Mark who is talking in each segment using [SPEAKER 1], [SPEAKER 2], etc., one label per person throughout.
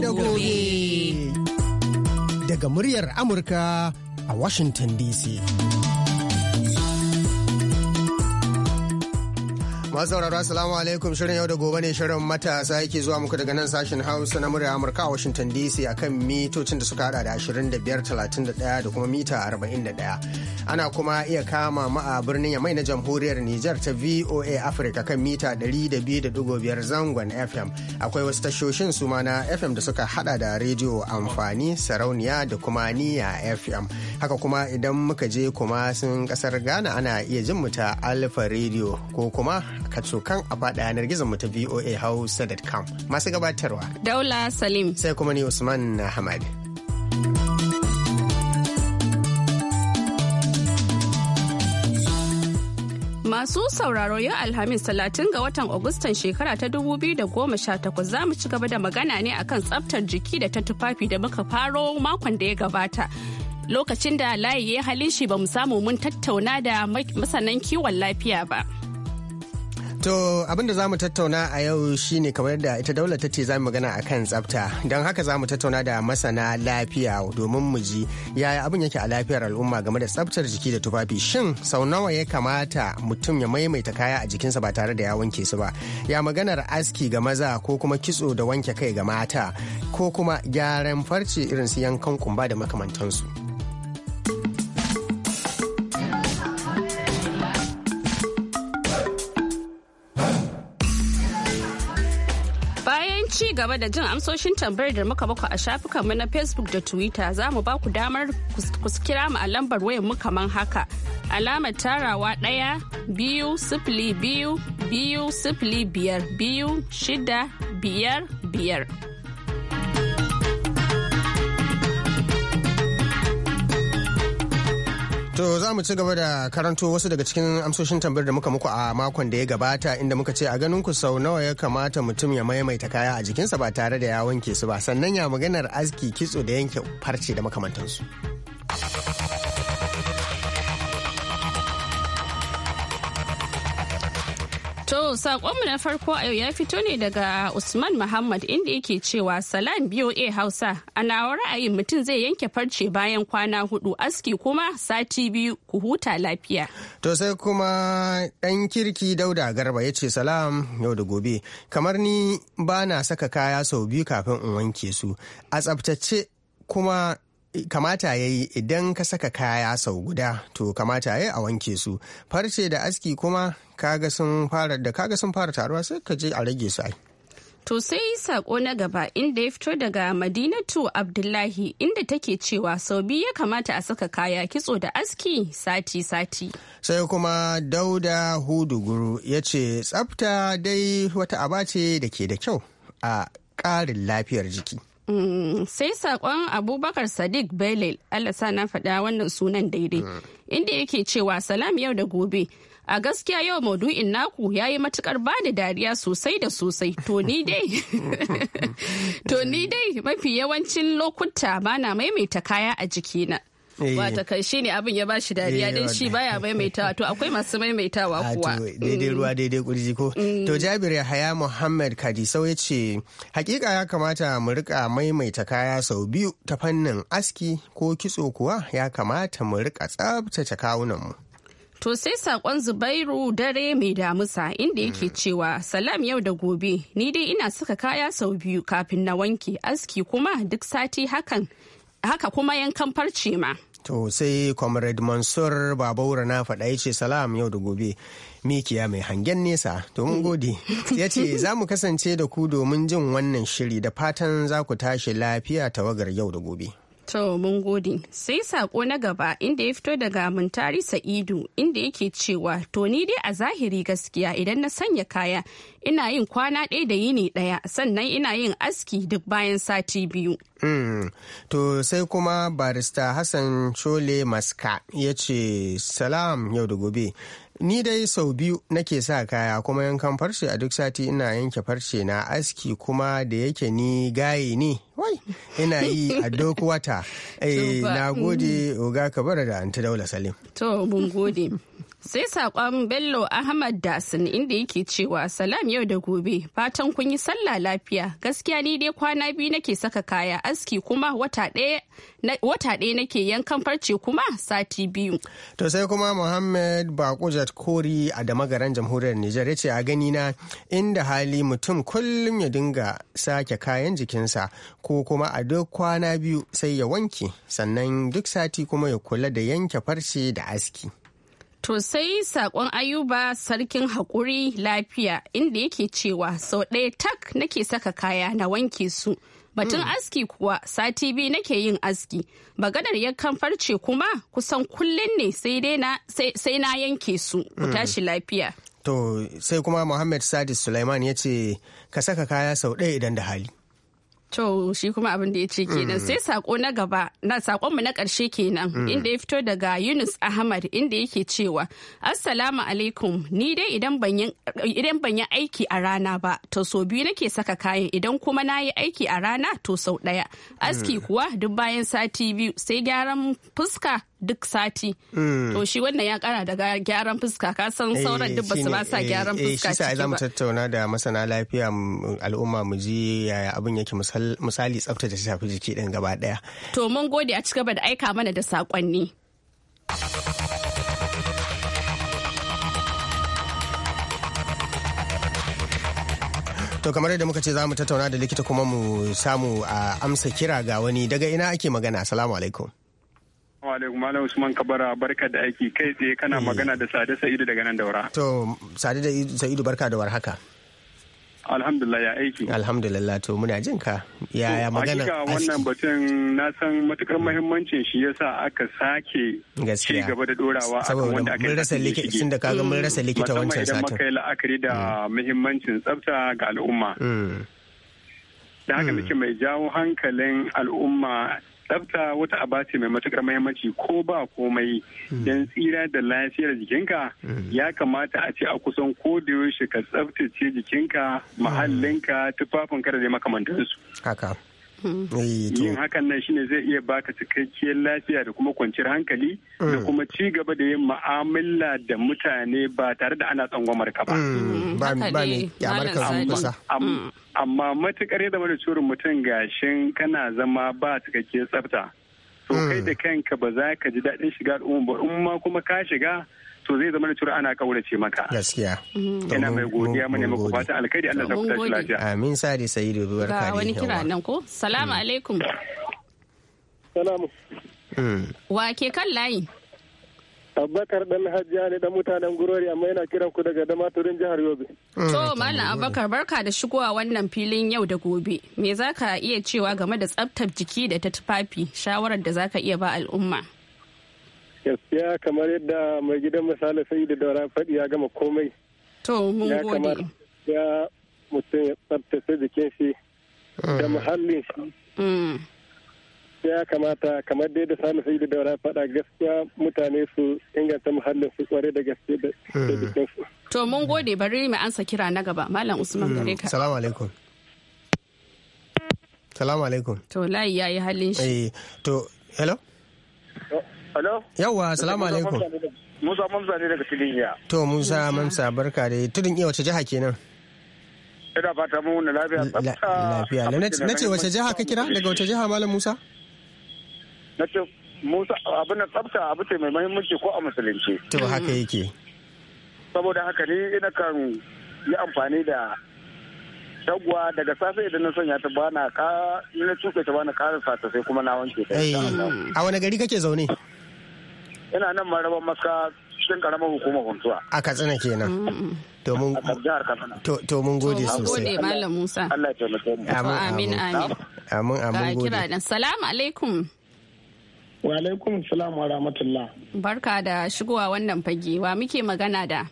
[SPEAKER 1] da
[SPEAKER 2] Daga muryar Amurka a Washington DC. masu sauraro assalamu alaikum shirin yau da gobe ne shirin matasa yake zuwa muku daga nan sashen hausa na murya amurka a washington dc akan mitocin da suka hada da 25 31 da kuma mita 41 ana kuma iya kama mu a birnin yamai na jamhuriyar Nijar ta VOA Africa kan mita 200.5 zangon FM akwai wasu tashoshin su ma na FM da suka hada da rediyo amfani sarauniya da kuma niya FM haka kuma idan muka je kuma sun kasar Ghana ana iya jin mu ta Alpha ko kuma kacokan a faɗa yanar gizon mu ta VOA Hausa.com masu gabatarwa Daula Salim sai kuma ni Usman hamadi.
[SPEAKER 1] Masu sauraro yau Alhamis talatin ga watan Agustan shekara ta dubu biyu da goma 2018 za mu ci gaba da magana ne akan tsaftar jiki da ta tufafi da muka faro makon da ya gabata. Lokacin da layi ya halin shi ba mu samu mun tattauna da masanan kiwon lafiya ba.
[SPEAKER 2] To abinda za mu tattauna a yau shine kamar da ita daular ta ce za mu magana a kan tsafta don haka za mu tattauna da masana lafiya domin mu ji yaya abin yake a lafiyar al'umma game da tsaftar jiki da tufafi shin sau nawa ya kamata mutum ya maimaita kaya a jikinsa ba tare da ya wanke su ba ya maganar aski ga maza ko kuma kitso da wanke kai ga mata ko kuma gyaran farce irin su yankan kumba da makamantansu.
[SPEAKER 1] ci gaba da jin amsoshin tambayar da muka baku a shafukanmu na facebook da twitter za mu baku damar ku kira mu a lambar wayan mu kaman haka alamar tarawa ɗaya biyu sifili biyu biyu sifili biyar biyu shida biyar biyar
[SPEAKER 2] To za mu ci gaba da karanto wasu daga cikin amsoshin tambayar da muka muku a makon da ya gabata inda muka ce a ganin ku sau nawa ya kamata mutum ya maimaita kaya a jikinsa ba tare da ya wanke su ba sannan ya maganar aski kitso da yanke farce da makamantansu.
[SPEAKER 1] saƙonmu na farko a yau ya fito ne daga Usman Muhammad inda yake cewa salam BOA Hausa a nawa ra'ayin mutum zai yanke farce bayan kwana hudu aski kuma sati biyu ku huta lafiya.
[SPEAKER 2] To sai kuma ɗan kirki Dauda Garba ya ce salam yau da gobe kamar ni ba na saka kaya sau biyu kafin in wanke su a tsaftace kuma kamata ya yi idan ka saka kaya sau guda to kamata ya yi a wanke su farce da aski kuma kaga sun fara da kaga sun fara taruwa sai ka je a rage su
[SPEAKER 1] To sai sako na gaba inda ya fito daga Madinatu Abdullahi inda take cewa sau biyu ya kamata a saka kaya kitso da aski sati-sati.
[SPEAKER 2] Sai kuma Dauda Huduguru ya ce tsafta dai wata aba da ke da kyau a ƙarin lafiyar jiki.
[SPEAKER 1] Mm, sai sakon abubakar sadiq belil allah sa na faɗa wannan sunan daidai mm. inda yake cewa salam yau da gobe a gaskiya yau maudu'in naku ya yi matukar da dariya sosai da sosai to ni dai to ni dai mafi yawancin lokuta bana maimaita kaya a jikina Eh. wata kai shi ne abin ya ba shi dariya eh, don shi baya maimaitawa to akwai masu maimaitawa ah, kuwa daidai ruwa
[SPEAKER 2] mm. daidai kurji ko mm. to jabir yahaya muhammad kadisau ya ce hakika ya kamata mu rika maimaita kaya sau biyu ta fannin aski ko kitso kuwa ya kamata mu rika tsabtace kawunan mu
[SPEAKER 1] To sai saƙon Zubairu dare mai damusa inda yake mm. cewa salam yau da gobe ni dai ina saka kaya sau biyu kafin na wanke aski kuma duk sati hakan haka kuma yankan farce ma
[SPEAKER 2] to sai comrade mansur babaura na faɗa ya ce salam yau da gobe mikiya mai hangen nesa to mun gode ya ce za mu kasance da ku domin jin wannan shiri da fatan za ku tashi lafiya tawagar yau da gobe
[SPEAKER 1] To mun gode. Sai sako na gaba inda ya fito daga Muntari Sa'idu inda yake cewa to ni dai a zahiri gaskiya idan na sanya kaya ina yin kwana ɗaya da yini ɗaya sannan ina yin aski duk bayan sati biyu.
[SPEAKER 3] Hmm.
[SPEAKER 2] To sai kuma barista Hassan Chole Maska ya ce salam yau da gobe Ni dai sau biyu nake sa kaya kuma yankan farce a duk sati ina yanke farce na aski kuma da yake ni gaye ne ina yi a duk wata. Eh, na gode mm. Oga Kabara da Anta Daula Salim.
[SPEAKER 1] To, mun gode. sai saƙon bello ahmad dasin inda yake cewa salam yau da gobe fatan kun yi sallah lafiya gaskiya ni dai kwana biyu nake saka kaya aski kuma wata ɗaya nake yankan farce kuma sati biyu to sai kuma
[SPEAKER 2] muhammad bakujat kori a damagaran jamhuriyar nijar ya ce a gani na inda hali mutum kullum ya dinga sake kayan jikinsa ko kuma a duk kwana biyu sai ya wanke sannan duk sati kuma ya kula da yanke farce da aski
[SPEAKER 1] To sai sakon Ayuba sarkin haƙuri lafiya inda yake cewa sau ɗaya tak nake saka kaya na wanke su. Batun hmm. aski kuwa sati biyu nake yin aski. Bagadar yakan farce kuma kusan kullum ne sai na yanke su ku hmm. tashi lafiya.
[SPEAKER 2] To sai kuma Muhammad Sadis Sulaiman ya ce ka saka kaya sau ɗaya idan da hali.
[SPEAKER 1] To shi kuma abin da ya ce kenan mm. sai sako na gaba na sakonmu na ƙarshe kenan mm. inda ya fito daga Yunus Ahmad inda yake cewa Assalamu alaikum ni dai idan ban yi aiki a rana ba to so biyu nake saka kayan idan kuma na yi aiki a rana to sau ɗaya. Aski mm. kuwa duk bayan sati biyu sai gyaran fuska duk sati hmm. to shi wannan ya kara daga gyaran fuska ka san eh, sauran duk basu ba sa eh, gyaran eh, fuska shi za mu
[SPEAKER 2] tattauna da masana lafiya al'umma mu ji yaya abin yake misali tsaftace shafi jiki din gaba
[SPEAKER 1] daya to mun gode a cigaba da aika mana da sakonni
[SPEAKER 2] To kamar yadda muka ce za mu tattauna da likita kuma mu samu a amsa kira ga wani daga ina ake magana. Assalamu alaikum.
[SPEAKER 4] Wa alaikum malam Usman Kabara barka da aiki kai tsaye kana eh. magana da Sade Sa'idu daga nan daura.
[SPEAKER 2] To Sade Sa'idu barka da warhaka. Alhamdulillah ya aiki. Alhamdulillah to muna jin ka. ya magana? Hakika wannan
[SPEAKER 4] batun na san matukar muhimmancin shi yasa aka sake ci gaba da dorawa a wanda aka rasa likita sun da kaga mun rasa likita mm. wancan satin. Musamman idan muka la'akari da mm. muhimmancin tsafta ga al'umma. Mm. Da haka muke mai jawo hankalin al'umma tsafta wata aba ce mai matukar mahimmanci ko ba komai hmm. don tsira da lafiyar jikinka hmm. ya kamata a ce a kusan ko da yaushe ka tsaftace jikinka mahallinka hmm. tufafin da dai makamantansu.
[SPEAKER 2] Mm-hmm. Eh, yin
[SPEAKER 4] hakan nan shine zai iya baka cikakkiyar lafiya da kuma kwanciyar hankali da eh. kuma ci gaba da yin mu'amala da mutane ba tare da ana tsangwamar ka ba. Mm-hmm.
[SPEAKER 3] Mm-hmm. Mm.
[SPEAKER 4] Amma matukar ya zama da curin mutum gashin kana zama ba cikakkiyar tsafta. To mm. kai da kanka ba za ka ji daɗin shiga al'umma ba in ma kuma ka shiga to zai zama da cewa ana kaurace maka
[SPEAKER 2] gaskiya yana mai godiya mu ne muku fata
[SPEAKER 4] alkhairi
[SPEAKER 1] Allah ya ku lafiya
[SPEAKER 2] amin da sayyidu zuwar ka wani kira
[SPEAKER 1] nan ko salamu mm. alaikum
[SPEAKER 5] salamu
[SPEAKER 3] mm.
[SPEAKER 1] wa ke kan layi Abubakar
[SPEAKER 5] dan Hajiya ne dan mutanen Gurori amma yana kiran ku daga Damaturin jihar Yobe.
[SPEAKER 1] Mm, to Malam Abubakar barka da shigowa wannan filin yau da gobe. Me zaka iya cewa game da tsaftar jiki da ta tufafi shawarar da zaka iya ba al'umma?
[SPEAKER 4] gaskiya kamar yadda mai gidan misali sai da daura faɗi ya gama komai
[SPEAKER 3] to mun gode
[SPEAKER 4] ya mutum ya tsabtace jikin shi da mm. muhallin shi mm. ya kamata kamar dai da sani sai da daura faɗa gaskiya mutane su inganta muhallin su kware da gaske da mm. jikin su
[SPEAKER 1] to mun gode bari mai ansa kira na gaba malam usman gare ka
[SPEAKER 2] salamu alaikum salamu alaikum
[SPEAKER 1] to layi yayi halin shi
[SPEAKER 2] eh, to hello
[SPEAKER 1] Hello? Yawwa, salamu alaikum.
[SPEAKER 6] Musa Mamsa ne daga Tudun
[SPEAKER 2] To, Musa Mamsa, barka da Tudun Iya wace jiha kenan?
[SPEAKER 6] Ina fata mu na lafiya tsafta.
[SPEAKER 2] Lafiya. Na ce wace jiha ka
[SPEAKER 6] kira? Daga wace jiha Malam Musa? Na ce Musa abin da tsafta abu ce mai mahimmanci ko a musulunci.
[SPEAKER 2] To, haka yake.
[SPEAKER 6] Saboda haka ne ina kan yi amfani da dagwa daga safe idan na sanya ta bana ka na tuke ta bana karasa ta sai kuma na wanke ta.
[SPEAKER 2] A wani gari kake zaune?
[SPEAKER 6] ina nan marabar maska cikin karamar hukumar huntuwa
[SPEAKER 2] a katsina kenan domin to mun gode
[SPEAKER 1] sosai gode malam musa Allah ya taimake mu amin amin
[SPEAKER 7] amin amin gode kira
[SPEAKER 1] dan salamu alaikum
[SPEAKER 7] wa alaikum salam wa rahmatullah
[SPEAKER 1] barka da shigowa wannan fage wa muke magana da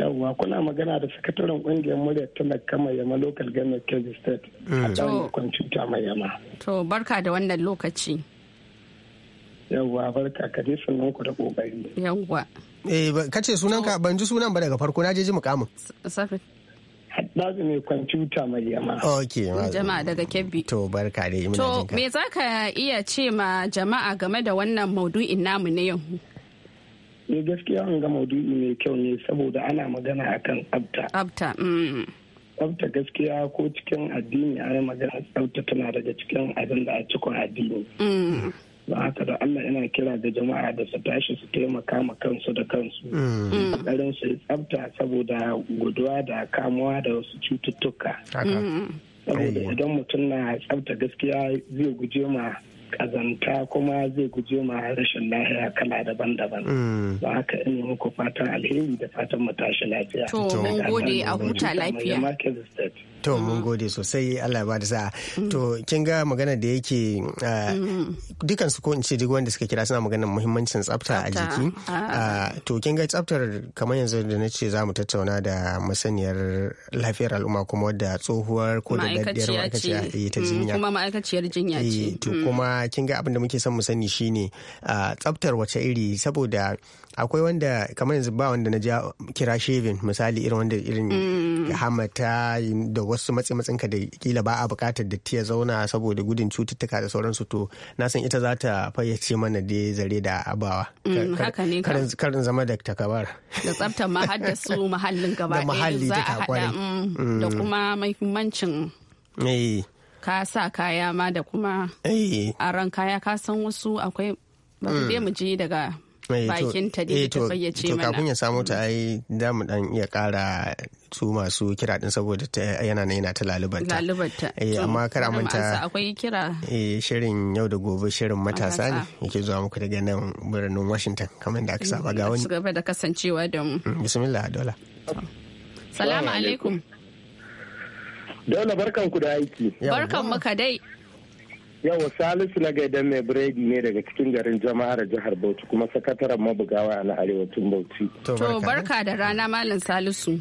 [SPEAKER 7] yawwa kuna magana da sakataren kungiyar muryar ta nakama yama local government kebbi state mm. a jami'ar kwanci mai yama
[SPEAKER 1] to barka da wannan lokaci
[SPEAKER 7] yawwa barka ka je sunan ku da kokari
[SPEAKER 1] yawwa eh kace sunan ka ban ji
[SPEAKER 2] sunan ba daga farko na je ji mukamin
[SPEAKER 1] safi
[SPEAKER 7] Haddadu ne kwamfuta Maryama. Ok. Jama'a daga Kebbi. To barka dai. To me za
[SPEAKER 1] ka iya ce ma jama'a game da wannan maudu'in namu na yau?
[SPEAKER 7] ne eh, gaskiya an ga maudu'i mai kyau ne saboda ana magana akan tsabta. Tsabta. Mm. Tsabta gaskiya ko cikin addini ana magana tsabta tana daga cikin abin da a cikin addini. Mm. don da Allah yana kira da jama'a da su tashi su taimaka ma kansu da kansu mm. mm. karin su tsafta saboda guduwa da kamuwa da wasu cututtuka mm. saboda idan mutum na tsafta gaskiya zai guje ma kazanta kuma zai guje ma rashin lahiya kala daban-daban. Ba mm. haka ina muku fatan alheri da fatan mu lafiya.
[SPEAKER 3] To mun gode a
[SPEAKER 1] huta lafiya.
[SPEAKER 2] To mun gode sosai Allah ba da sa. Mm. To kin ga magana da yake uh, mm. dukan su ko in ce duk wanda suka kira suna maganar muhimmancin tsafta a jiki.
[SPEAKER 3] Ah.
[SPEAKER 2] Uh, to kin ga tsaftar kamar yanzu da na ce za mu tattauna da masaniyar lafiyar al'umma kuma da tsohuwar ko da daddiyar ma'aikaciya eh, jinya. Kuma
[SPEAKER 1] ma'aikaciyar jinya eh,
[SPEAKER 2] ce. To kuma kin ga abin da muke son mu sani shine tsaftar wace iri saboda akwai wanda kamar yanzu ba wanda na ja kira shevin misali irin wanda irin mm. hamata da wasu matsi ka da kila ba a bukatar da ya zauna saboda gudun cututtuka da sauransu to na san ita za ta fayyace mana da zare da abawa mm, karin zama da takabar
[SPEAKER 1] da tsaftar ma har da su muhallin gaba da muhalli za a hada mm, da kuma mahimmancin eh. ka sa kaya ma da kuma eh. a ran kaya ka san wasu akwai ba mu je hmm. daga eh, bakin eh, ta da ta fayyace mana. To kafin ya samu
[SPEAKER 2] ta ai da mu dan iya kara su masu kira din saboda ta yana na yana ta lalubanta.
[SPEAKER 1] Lalubanta. Eh amma kara manta. Akwai kira.
[SPEAKER 2] Eh shirin yau da gobe shirin matasa ne yake zuwa muku daga nan birnin Washington kamar da aka saba ga wani. Su
[SPEAKER 1] gaba da kasancewa da mu.
[SPEAKER 2] Hmm, bismillah dola.
[SPEAKER 1] Salamu alaikum.
[SPEAKER 6] dole barkan ku da aiki. Barkan maka dai. Yau Salisu na gaidan mai biredi ne daga cikin garin jama'ar jihar Bauchi kuma sakataren mabugawa na arewacin Bauchi.
[SPEAKER 3] To
[SPEAKER 1] barka da rana Malam Salisu.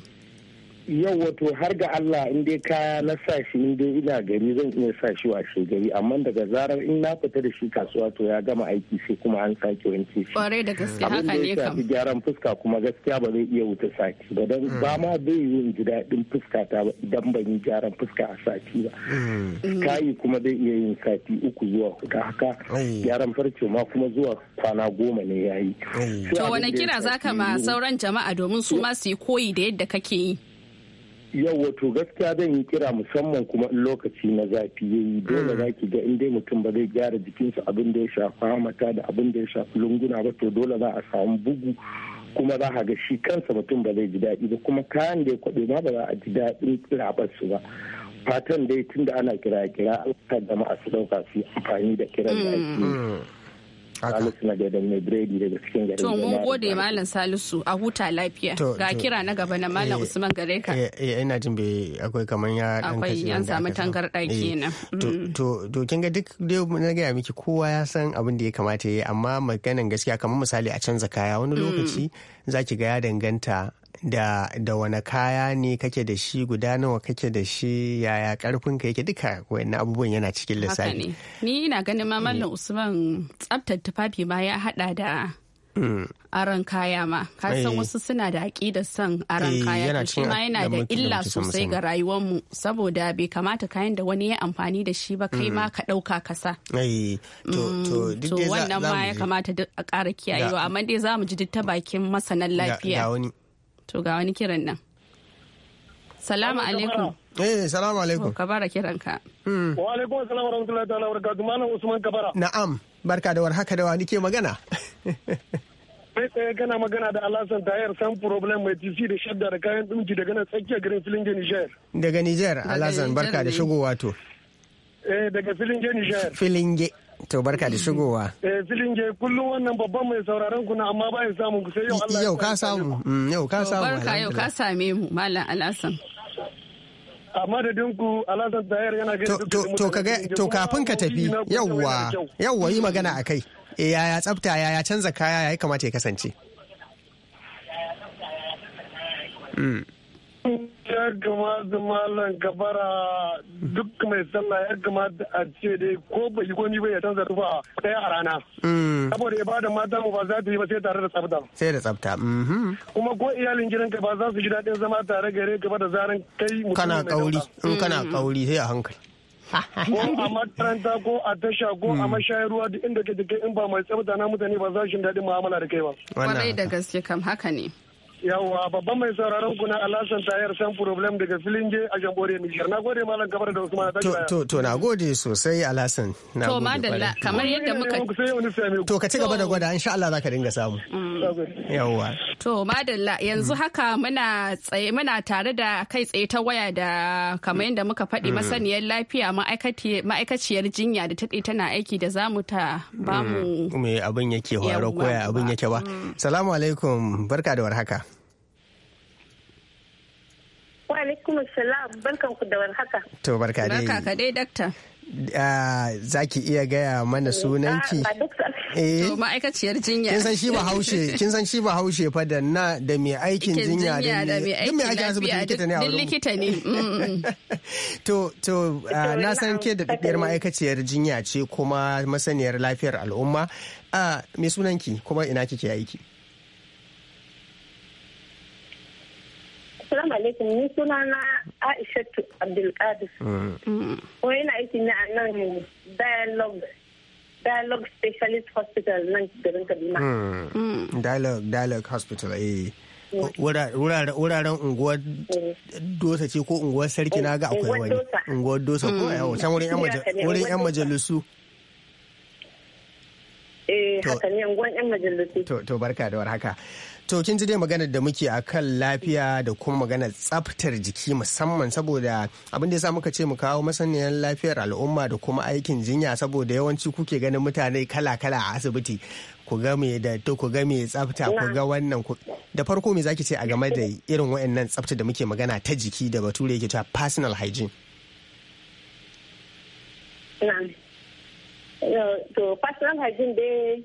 [SPEAKER 1] yau
[SPEAKER 6] wato har ga Allah in dai kaya na sa shi in dai ina gari zan iya sa shi washe gari amma daga zarar in na fita da shi kasuwa to ya gama aiki sai kuma an sake wanke shi kwarai da gaskiya haka ne kam abin gyaran fuska kuma gaskiya ba zai iya wuce sati ba dan hmm. ba ma bai yi ji daɗin fuska ta ba idan ban yi gyaran fuska a sati ba
[SPEAKER 3] hmm.
[SPEAKER 6] hmm. kayi kuma zai iya yin sati uku zuwa huɗu haka gyaran farce ma kuma zuwa kwana goma ne yayi to wani kira zaka ma
[SPEAKER 1] sauran jama'a domin su ma su yi koyi da yadda kake yi
[SPEAKER 6] yau wato gaskiya zan yi kira musamman kuma in lokaci na zafi ya yi dole mm. za ki ga inda mutum ba zai gyara jikinsa abin da ya shafa mata da abin da ya shafi lunguna ba to dole za a samu bugu kuma za a ga shi kansa mutum ba zai ji daɗi ba kuma kayan da ya kwaɗe ma ba za a ji daɗin su ba fatan dai tunda ana kira kira alƙa a su ɗauka su amfani da kiran da ake Salisu na da mai biredi daga cikin gari. To mun gode
[SPEAKER 1] Malam Salisu a huta lafiya. Ga kira na gaba na Malam eh, Usman gare ka. Eh,
[SPEAKER 6] eh
[SPEAKER 2] ina jin bai akwai kamar ya dan kashi. Akwai yan samu
[SPEAKER 1] tangarɗa eh, kenan. Mm.
[SPEAKER 2] To to kin ga duk da na gaya miki kowa ya san abin da ya kamata ya yi amma maganan gaskiya kamar misali a canza kaya wani mm. lokaci zaki ga ya danganta da da wani kaya ne kake da shi guda nawa kake da shi yaya karfin ka yake duka wayannan abubuwan yana cikin lissafi
[SPEAKER 1] ni ina ganin ma mallam eh. usman tsaftar tufafi ma ya hada da mm. aran kaya ma ka san eh. wasu suna da aƙidar son aran eh, kaya shi ma yana da illa sosai ga rayuwar mu saboda bai kamata kayan da wani ya amfani da shi ba kai mm. ma ka ɗauka kasa
[SPEAKER 2] to mm. wannan ma ya kamata
[SPEAKER 1] a ƙara kiyayewa amma dai za mu ji duk ta bakin masanan lafiya to ga wani kiran nan salamu alaikum eh salamu alaikum kabara kiranka
[SPEAKER 5] hmm. wa alaikum assalam wa rahmatullahi ta'ala wa barakatuh malam usman kabara
[SPEAKER 2] na'am barka da warhaka da wani ke magana
[SPEAKER 5] kai tsaye kana magana da ta tayar san problem mai tisi da shadda da kayan dinki daga nan tsakiyar garin filin niger
[SPEAKER 2] daga niger alhassan barka da shigowa to
[SPEAKER 5] eh daga filin niger
[SPEAKER 2] filin To barka da shigowa.
[SPEAKER 5] Eh filin je kullum wannan babban mai sauraron ku na amma ba ya samu ku sai yau Allah. Mm,
[SPEAKER 2] yau ka samu. Yau ka samu. Barka yau ka
[SPEAKER 1] same mu Malam Alhassan.
[SPEAKER 5] a madadin ku alasan tayar yana gaida to to ka ga to kafin ka tafi yauwa
[SPEAKER 2] yauwa yi magana a kai e yaya tsafta yaya canza kaya yayi kamata ya kasance
[SPEAKER 3] mm.
[SPEAKER 5] ya kamata malam gabara duk mai sallah ya kamata a ce dai ko bai yi komi ba ya canza tufa ɗaya a rana. Mm. Saboda ya ibada mata mu ba za ta yi ba sai tare da tsafta.
[SPEAKER 2] Sai da tsafta. Mm-hmm.
[SPEAKER 5] Kuma ko iyalin gidanka ba za su ji daɗin zama tare gare gaba da zaran kai mutum Kana kauri, in kana kauri mm. sai a hankali. ko a makaranta ko a tasha ko a mm. mashayar ruwa duk inda ke in ba mai tsafta na mutane ba za su ji daɗin mu'amala da kai ba. Kwarai
[SPEAKER 1] da gaske kam haka ne.
[SPEAKER 5] yawa babban mai sauraron kuna Alhassan Tayar San Problem daga Filinge a jambore Nijar. Na gode Malam Gabar da Usman To to to
[SPEAKER 2] na gode sosai Alhassan. Na gode. To madalla kamar yadda muka To ka ci gaba da gwada insha Allah zaka dinga samu.
[SPEAKER 1] Mm. yawa To madalla yanzu mm. haka muna tsaye muna tare da kai tsaye ta waya da kamar yadda muka faɗi mm. masaniyar lafiya ma'aikaciyar jinya da ta tana aiki da zamu ta bamu.
[SPEAKER 2] Me abin yake horo koya abin yake ba. Salamu alaikum barka da warhaka.
[SPEAKER 8] Wa alaikum salam barkan ku da warhaka.
[SPEAKER 2] To barka dai. Barka
[SPEAKER 8] ka dai dakta.
[SPEAKER 2] Ah, za ki iya gaya mana ah, sunanki?
[SPEAKER 1] Eh. To ma'aikaciyar jinya. Kin san shi ba haushe, kin
[SPEAKER 2] san shi ba haushe fa da na da mai aikin jinya da mai aikin aikin asibiti likita ne a wurin.
[SPEAKER 1] likita ne. Mm, mm, mm.
[SPEAKER 2] To to ah, na san ke da daddiyar ma'aikaciyar jinya ce kuma masaniyar lafiyar al'umma. me sunanki kuma ina kike aiki?
[SPEAKER 8] Assalamu alaikum ni suna na Aishatu Abdulkadir.
[SPEAKER 3] Mm.
[SPEAKER 8] Ko yana aiki a nan dialogue dialogue specialist hospital nan garin Kaduna. Mm. Mm.
[SPEAKER 2] Dialogue dialogue hospital eh.
[SPEAKER 8] wuraren
[SPEAKER 2] unguwar dosa ce ko unguwar sarki na ga akwai wani unguwar dosa ko yawo can wurin yan majalisu Eh, to, barka da warhaka To, kin ji dai maganar da muke a kan lafiya da kuma maganar tsaftar jiki musamman saboda abin da ya sa muka ce mu kawo masaniyar lafiyar al'umma da kuma aikin jinya saboda yawanci kuke ganin mutane kala-kala a asibiti. Ku ga me da to ku ga me tsafta ku ga wannan ku da farko me zaki ce a game da irin wayannan tsafta da muke magana ta jiki da bature yake ta personal hygiene.
[SPEAKER 8] Eh, to personal hygiene dai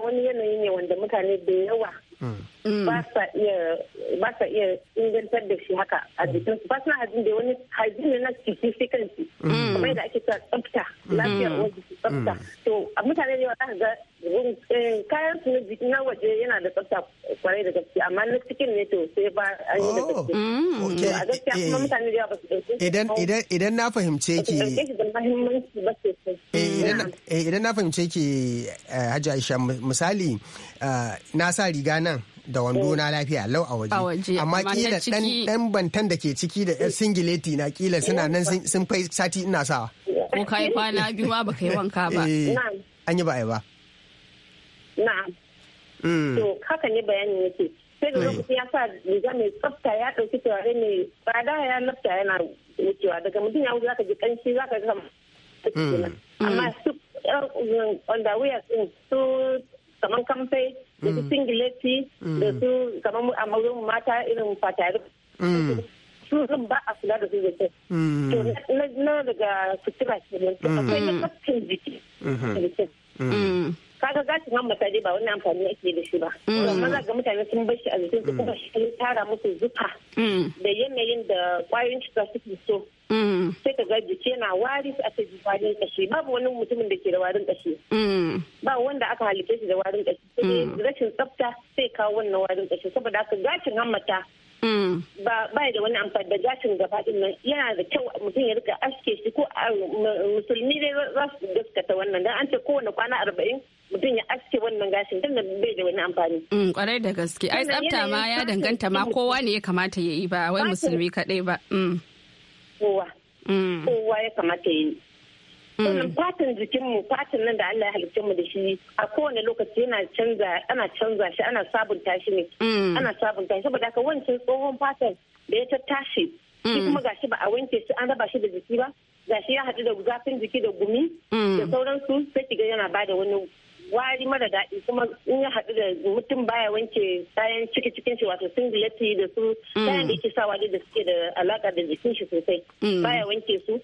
[SPEAKER 8] wani yanayi ne wanda mutane da yawa hmm. Mm. ba sa iya ingantar da shi haka a jikin su suna hygiene da wani ne na jiki sai kansu mm. kuma yadda ake cewa tsafta mm. lafiyar uwar jiki tsafta to a mutane da yawa za ga eh, kayan su na jikin na waje yana da tsafta kwarai da gaske amma na cikin ne to sai ba an yi da oh. gaske a gaskiya kuma eh. mutane da yawa ba su ɗauke idan
[SPEAKER 2] idan na fahimce ki eh, idan na fahimce ki Hajji Aisha misali na sa riga nan da wando oh. na lafiya lau a waje amma kila dan bantan da ke ciki da yar singileti na kila suna nan sun fai sati ina sawa
[SPEAKER 1] ko kai kwana biyu ma
[SPEAKER 2] baka yi wanka ba eh, an yi ba ai ba
[SPEAKER 8] na'am hmm. to haka ne bayani yake sai da eh. lokaci ya sa riga mai tsafta ya ɗauki turare mai tsada ya lafta yana wucewa daga mutum ya wuce zaka ji kanshi zaka ga hmm. amma hmm. su wanda um, wuya su kamar kamfai da su singileti da su kamar a mazan mata irin fatari su sun ba a kula da su da to na daga sutura ke akwai na mm. kafin jiki mm-hmm. mm. mm. kaga gashin han mata ba wani amfani ake da shi ba amma ga mutane sun bar shi a jikin su kuma shi tara musu zufa da yanayin da kwayoyin cuta suke so Mm. sai ka ga yana wari su aka ji warin kashe babu wani mutumin da ke da warin kashe. Mm. ba wanda aka halitta shi da warin kashe sai mm. rashin tsafta sai kawo wannan warin kashe saboda haka gashin hammata ba ba da wani amfani da gashin gaba din nan yana da kyau mutum ya rika aske shi ko ah, musulmi dai za su gaskata wannan dan an ce kowane kwana arba'in mutum ya aske wannan gashin dan da bai da wani amfani.
[SPEAKER 1] kwarai da gaske ai tsafta ma ya danganta ma kowa ne ya kamata ya yi ba wai musulmi kaɗai ba.
[SPEAKER 8] kowa mm. kowa ya kamata yi sannan mm. fatan jikinmu fatan nan da Allah ya halitta mu da shi a kowane lokaci yana canza ana canza shi ana sabunta shi ne mm. ana sabunta shi saboda haka wancan tsohon fatan da ya tattashi shi kuma gashi ba a wanke shi an raba shi da jiki ba gashi ya haɗu da zafin jiki da gumi da sauransu sai kiga yana bada wani wari mara daɗi kuma in ya haɗu da mutum baya wanke kayan ciki cikin shi wato singileti da su mm. kayan da yake sawa da suke da alaka da jikin shi sosai mm. baya wanke su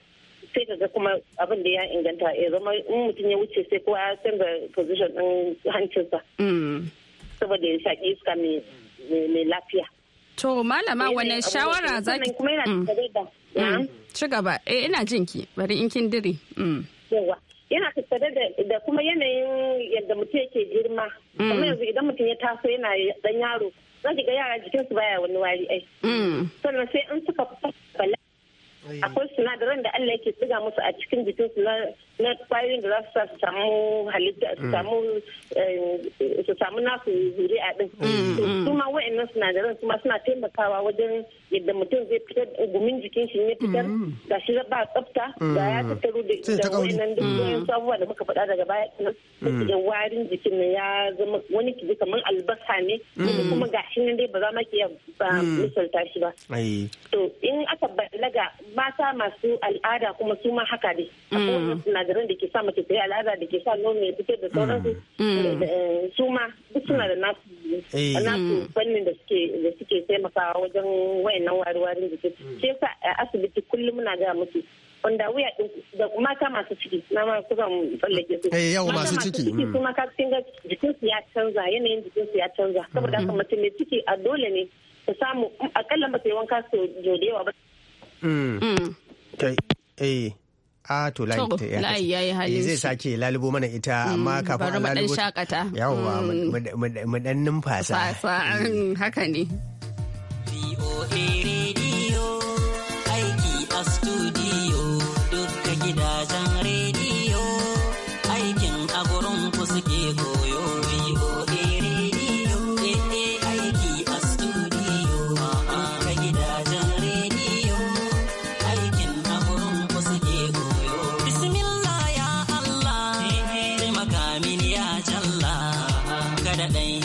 [SPEAKER 8] sai ka ga kuma abin da ya inganta ya zama in mutum ya wuce sai kowa ya canza position ɗin hancinsa mm. saboda ya shaƙi iska mai lafiya.
[SPEAKER 1] To malama wani shawara za ki kuma yana da ci gaba eh ina jinki bari in kin dire.
[SPEAKER 8] Yawa. yana tattare da kuma yanayin yadda mutum yake girma mm. kuma yanzu idan mutum ya taso yana dan yaro za ga yara jikinsu baya wani wari ai mm. sannan sai in suka bala akwai sinadaran da Allah yake tsiga musu a cikin jikinsu na na kwayoyin da za su samu halitta su mm. samu eh, su samu nasu zuri'a din mm, mm, su ma wa'annan sinadaran su ma suna taimakawa wajen yadda mutum zai fitar gumin jikin shi ya fitar ga shi ba tsafta ga ya tattaro da wa'annan duk abubuwa da muka faɗa daga baya kenan warin jikin nan ya zama wani kiji kamar albasa ne kuma ga shi nan dai ba za ma ke misalta shi ba to in aka balaga mata masu al'ada kuma su ma haka dai sinadaran da ke sa mace ta yi al'ada da ke sa nono ya fitar da mm. sauransu mm. Eh, eh, su ma duk suna da nasu eh. mm. fannin da suke da suke taimakawa wajen wayannan wari-warin jiki shi yasa a asibiti kullum muna ga musu wanda wuya da mata masu ciki na ma kusa mu tsallake su. Eh yawa masu ciki. su ma ka cikin jikin su ya canza yanayin jikin su ya canza saboda haka mace mai ciki a dole ne ta samu akalla mace ta yi jodewa ba
[SPEAKER 2] Mm. Mm. Okay. Eh. Hey. a to layi
[SPEAKER 8] eh,
[SPEAKER 1] zai
[SPEAKER 2] sake lalubo mana ita mm, amma kafin a lalubo
[SPEAKER 1] shakata yawwa
[SPEAKER 2] mu dan mm. numfasa
[SPEAKER 1] mm, haka ne
[SPEAKER 9] kaɗai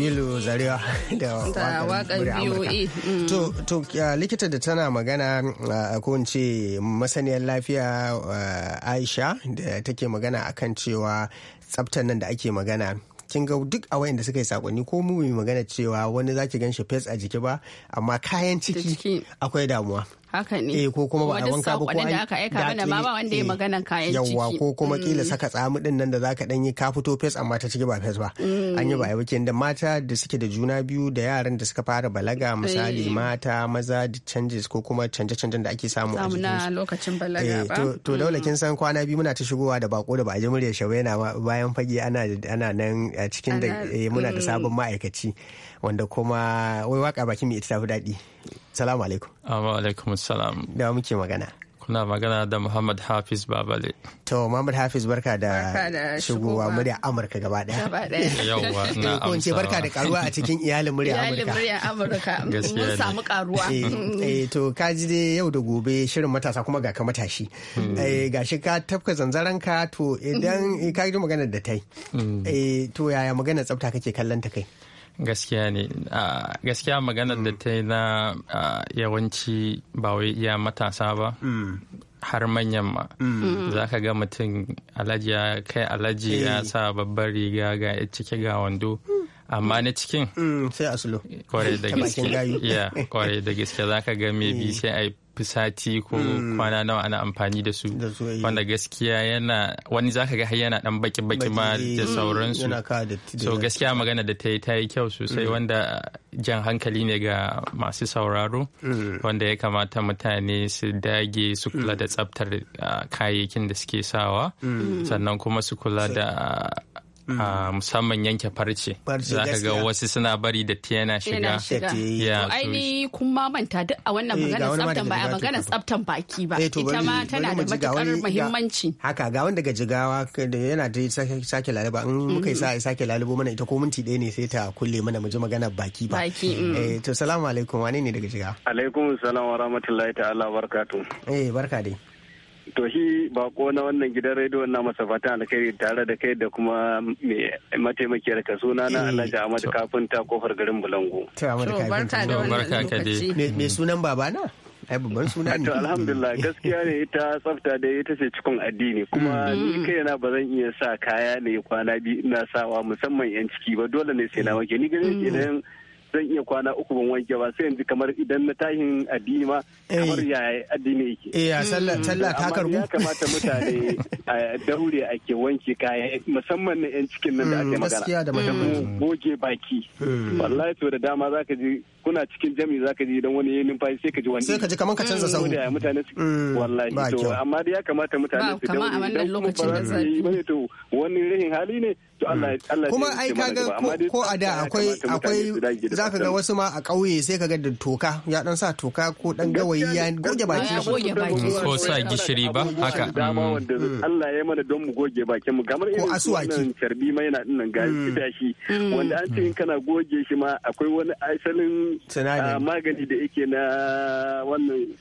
[SPEAKER 2] Bello zaria da wakan e, mm. To, to likita da tana magana uh, ko in ce masaniyar lafiya uh, Aisha da take magana akan cewa tsaftan nan da ake magana kin ga duk a da suka yi sakonni ko mu magana cewa wani zaki gan shi fes a jiki ba amma kayan ciki akwai damuwa
[SPEAKER 3] haka
[SPEAKER 1] ne eh ko kuma ba a wanka ba ko da aka aika ma ba wanda ya eh. magana kayan ciki yawa ko kuma kila mm. saka
[SPEAKER 2] tsamu din nan da zaka dan yi ka fito fes amma ta cike ba fes ba mm. an yi ba yau da mata da suke da juna biyu da yaran da suka fara balaga eh. misali mata maza da changes ko kuma canje-canjen da ake samu a jikin
[SPEAKER 1] lokacin balaga eh, ba to daula mm.
[SPEAKER 2] kin san kwana biyu muna ta shigowa da bako da ba a ji murya shawe yana bayan fage ana ana nan cikin da muna da sabon ma'aikaci wanda kuma wai waka baki mai ita tafi daɗi salamu alaikum
[SPEAKER 10] Amma alaikum salam
[SPEAKER 2] da muke magana
[SPEAKER 10] kuna magana da Muhammad Hafiz Babale. To Muhammad Hafiz barka da
[SPEAKER 2] shigowa murya Amurka gaba daya. Gaba Yawwa na amsa. Ko ce barka da karuwa a cikin iyalin murya Amurka. Iyalin murya
[SPEAKER 1] Amurka. Mun samu karuwa. Eh, mm. eh
[SPEAKER 2] to ka ji dai yau da gobe shirin matasa kuma ga ka matashi. Hmm. Eh shi ka tafka zanzaran ka to idan mm. eh, ka yi magana da tai. Eh to yaya magana tsafta kake kallon ta kai?
[SPEAKER 10] gaskiya ne gaskiya maganar da mm. ta yi na yawanci ba wai iya matasa ba mm. har manyan ma mm. za ka ga mutum alhaji ya kai alhaji ya eh. sa babbar riga ga ya cike ga wando amma na cikin sai a sulo kwarai da gaske kwarai za ka ga mai bi eh. sai a sati ko hmm. kwana nawa ana amfani da su wanda gaskiya yana wani zaka ga har yana dan baki baki ma da eh, sauransu so gaskiya magana da ta yi ta yi kyau sosai hmm. wanda jan hankali ne ga masu sauraro hmm. wanda ya kamata mutane su dage su kula da tsaftar ah, kayayyakin da suke sawa sannan kuma su kula da Mm. Ah, musamman yanke farce za ka ga wasu suna bari da yana shiga to Aini
[SPEAKER 1] kun ma manta duk a wannan eh, maganar tsabtan ba a maganar tsaftan baki ba eh, ita ma tana da matukar muhimmanci
[SPEAKER 10] haka ga wanda daga jigawa
[SPEAKER 2] da yana da sake lalaba in mm-hmm. muka sa sake lalubo mana ita ko minti ɗaya ne sai ta kulle mana mu ji magana baki ba mm. eh to salamu alaikum wane ne daga jigawa
[SPEAKER 4] alaikum salam wa rahmatullahi ta'ala barkatu
[SPEAKER 2] eh barka dai
[SPEAKER 4] To shi bako na wannan gidan rediyo na masa fatan alkhairi tare da kai da kuma mataimakiyar ka suna na eh, Alhaji Ahmad Kafinta kofar garin Bulango.
[SPEAKER 2] To barka da wannan lokaci. Me sunan babana? ai babban suna ne. alhamdulillah
[SPEAKER 4] gaskiya ne ita tsafta da ita ce cikon addini kuma mm. ni kaina ba zan iya sa kaya ne kwana biyu ina sawa musamman yan ciki ba dole ne sai na wanke ni ganin idan mm. zan iya kwana uku ban wanke ba sai yanzu kamar idan na tahin addini ma kamar eh. ya addini yake eh sallah mm. sallah ta karbu ya kamata mutane a daure ake wanke kaya musamman na yan cikin nan da mm, ake magana da mm, goge baki wallahi to da dama zaka ji kuna cikin jami za ka ji don wani yayin numfashi sai ka ji wani sai ka ji kamar ka canza sahu mm. da mutane su mm. wallahi to amma dai ya kamata mutane su dawo wannan lokacin da zai bane to wani rihin hali ne to Allah Allah kuma ai ka ga ko a da akwai akwai za ka ga wasu
[SPEAKER 2] ma a ƙauye sai ka ga da toka ya dan sa toka ko dan gawayi ya goge
[SPEAKER 10] baki ko sa gishiri ba haka mm.
[SPEAKER 4] Allah ya mana don mu goge bakin mu kamar irin wannan carbi mai na dinnan ga shi wanda an ce in kana goge shi ma akwai wani asalin Ah, magani da yake na wannan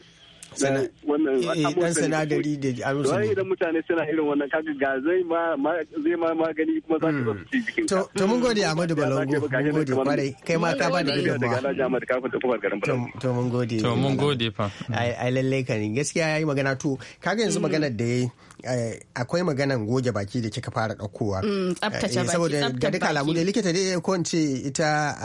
[SPEAKER 4] dan eh, eh, sinadari da arusu ne. idan mutane suna irin wannan kaga ga zai hmm. to to mun gode Ahmadu mun gode kwarai kai ma ka ba da
[SPEAKER 2] to mun gode to mun gode fa ai lalle ka ne gaskiya yayi magana to kaga yanzu hmm. maganar da yayi eh, akwai maganan goge baki da kika fara ɗaukowa. Hmm, tsaftace baki. Saboda da duka alamu da likita dai ko in ita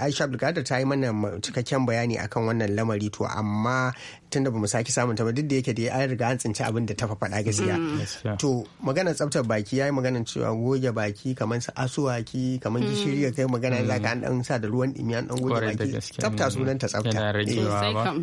[SPEAKER 2] Aisha Abdulkadir ta yi mana cikakken bayani akan wannan lamari to amma tunda bamu sake samun ta ba duk da yake da an riga an tsinci abin da ta faɗa gaskiya mm. to maganar tsaftar baki yayi magana cewa goge baki kamar su asuwaki kamar mm. gishiri ya kai magana mm. za ka an sa da ruwan dimi an dan goge baki tsafta sunan ta tsafta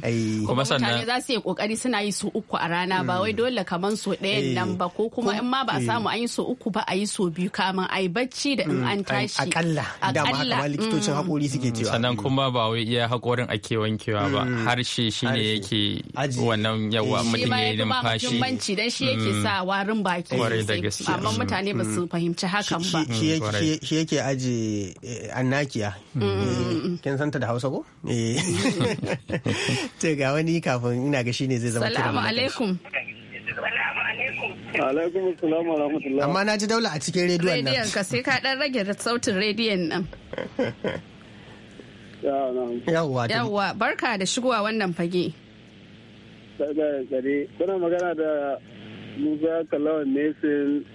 [SPEAKER 2] eh. kuma sannan za
[SPEAKER 1] su yi kokari suna yi su uku a rana ba wai dole kamar so ɗayan eh. nan ba ko kuma in ma ba a eh. samu an yi so uku ba a yi so biyu a ai bacci da in an tashi akalla ma haka ma likitocin
[SPEAKER 10] hakori suke cewa sannan kuma ba wai iya hakorin ake wankewa ba harshe shine yake wannan yawa mutum ya yi numfashi shi ma banci
[SPEAKER 1] dan shi yake mm. sa warin baki amma mm. mutane ba su mm. fahimci hakan ba
[SPEAKER 2] shi yake aji eh, annakiya eh, kin santa da Hausa ko eh to ga wani kafin ina ga shine zai zama salamu
[SPEAKER 1] alaikum
[SPEAKER 4] alaikum salamu alaikum amma na
[SPEAKER 1] ji daula a cikin rediyon nan rediyon ka sai ka dan rage sautin rediyon nan yawwa barka da shigowa wannan fage
[SPEAKER 4] daga gare kuna magana da musa kalawan nesin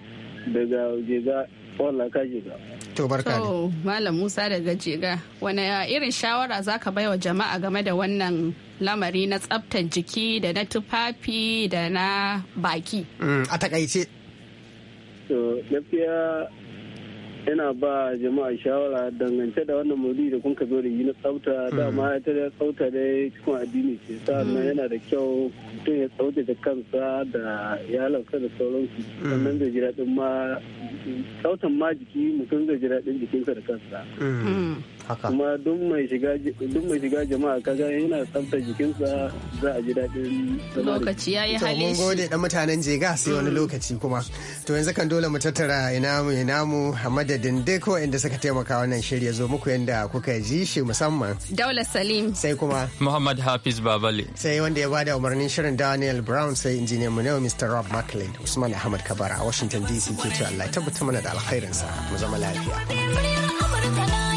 [SPEAKER 4] daga jega wala ka jega to barka
[SPEAKER 1] malam musa daga jega wani ah, irin shawara zaka baiwa jama'a game da wannan lamari na tsaftar jiki da na tufafi da na baki
[SPEAKER 4] mm, a takaice to gaskiya Yana ba jama'a shawara dangance da wannan maudu'i da kun ka zo da yi na tsafta mm. dama ita da tsafta dai cikin addini ce sannan mm. yana da kyau mutum ya da kansa da iyalansa da sauransu mm. sannan zai ji daɗin ma tsautan ma jiki mutum zai ji daɗin jikinsa da kansa haka kuma duk mai shiga jama'a kaga yana tsafta jikinsa za a ji daɗin
[SPEAKER 1] lokaci yayi hali shi gode
[SPEAKER 2] dan mutanen jega sai wani mm. lokaci kuma to yanzu kan dole mu tattara ina mu ina mu a Dinde ko inda suka taimaka wannan shiri ya zo muku yanda kuka ji shi musamman
[SPEAKER 1] Daula Salim sai kuma
[SPEAKER 10] Muhammad Hafiz Babale sai wanda ya bada umarnin
[SPEAKER 2] shirin Daniel Brown sai injiniyan mu ne Mr. Rob McLean Usman Ahmad Kabara a Washington DC ke ce Allah ya tabbata mana da alkhairinsa mu zama
[SPEAKER 3] lafiya.